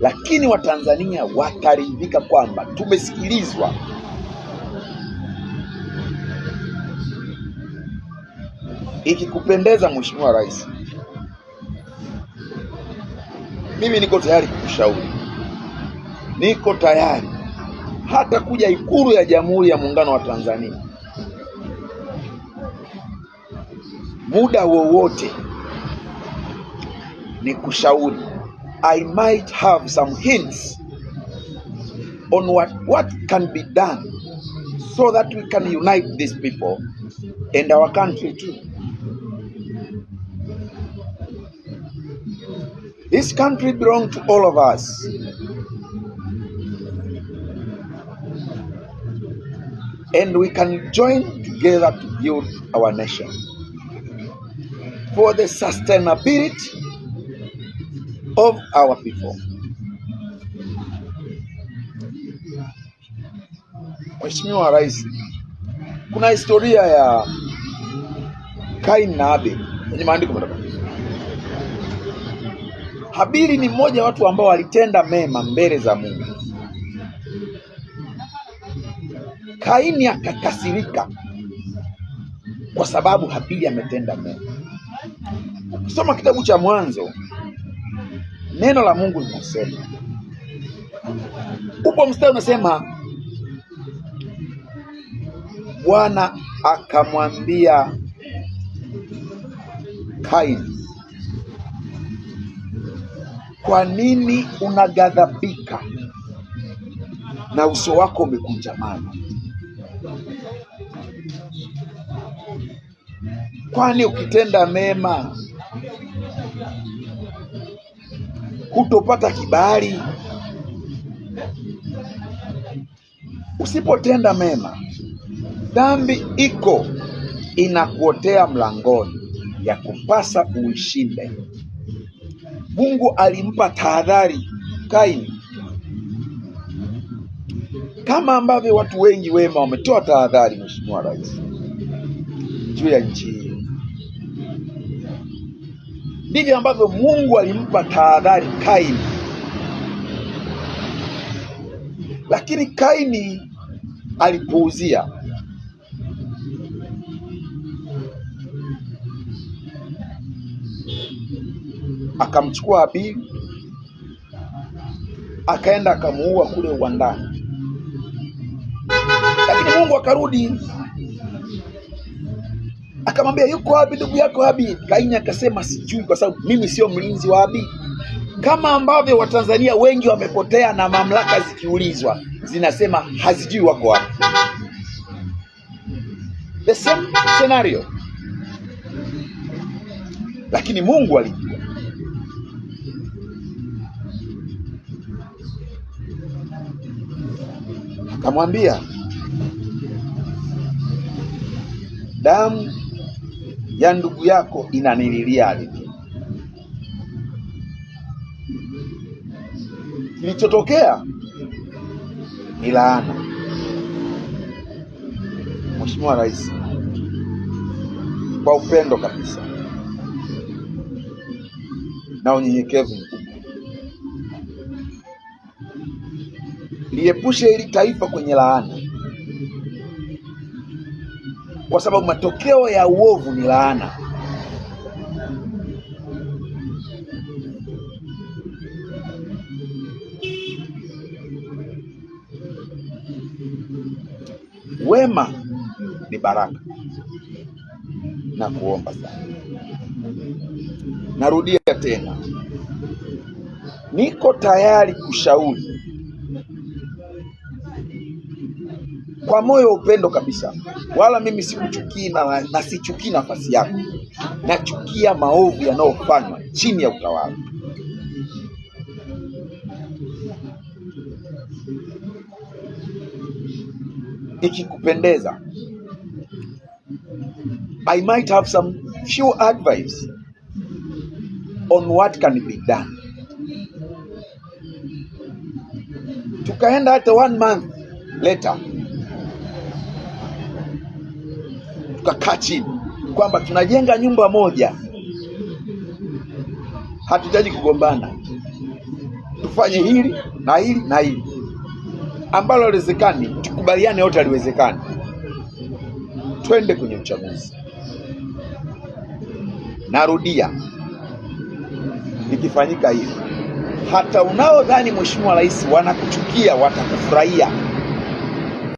lakini Watanzania wataridhika kwamba tumesikilizwa. Ikikupendeza Mheshimiwa Rais, mimi niko tayari kukushauri, niko tayari hata kuja Ikulu ya Jamhuri ya Muungano wa Tanzania muda wowote, ni kushauri I might have some hints on what, what can be done so that we can unite these people and our country too. This country belongs to all of us. And we can join together to build our nation. For the sustainability of our people. Mheshimiwa Rais, kuna historia ya Kain na Abel kwenye maandiko matakatifu. Habili ni mmoja wa watu ambao walitenda mema mbele za Mungu. Kaini akakasirika kwa sababu Habili ametenda mema. Ukisoma kitabu cha Mwanzo Neno la Mungu linasema, upo mstari unasema, Bwana akamwambia Kaini, kwa nini unaghadhabika na uso wako umekunjamana? Kwani ukitenda mema kutopata kibali. Usipotenda mema, dhambi iko inakuotea mlangoni, ya kupasa uishinde. Mungu alimpa tahadhari Kaini, kama ambavyo watu wengi wema wametoa tahadhari, Mheshimiwa Rais, juu ya nchi hii ndivyo ambavyo Mungu alimpa tahadhari Kaini. Lakini Kaini alipuuzia. Akamchukua Habili akaenda akamuua kule uwandani, lakini Mungu akarudi akamwambia yuko wapi ndugu yako Abi? Kaini akasema sijui, kwa sababu mimi sio mlinzi wa Abi. Kama ambavyo Watanzania wengi wamepotea na mamlaka zikiulizwa zinasema hazijui wako wapi. The same scenario, lakini Mungu alijua. Akamwambia damu ya ndugu yako inanililia ardhi. Kilichotokea ni laana. Mheshimiwa Rais, kwa upendo kabisa na unyenyekevu mkubwa, liepushe hili taifa kwenye laana kwa sababu matokeo ya uovu ni laana. Wema ni baraka na kuomba sana. Narudia tena, niko tayari kushauri kwa moyo wa upendo kabisa, wala mimi sikuchukii na, na sichukii nafasi yako, nachukia maovu yanayofanywa chini ya utawala. Ikikupendeza, I might have some few advice on what can be done. Tukaenda hata one month later tukakaa chini kwamba tunajenga nyumba moja, hatuhitaji kugombana, tufanye hili na hili na hili, ambalo haliwezekani tukubaliane yote, haliwezekani, twende kwenye uchaguzi. Narudia, ikifanyika hivi, hata unaodhani mheshimiwa rais wanakuchukia watakufurahia.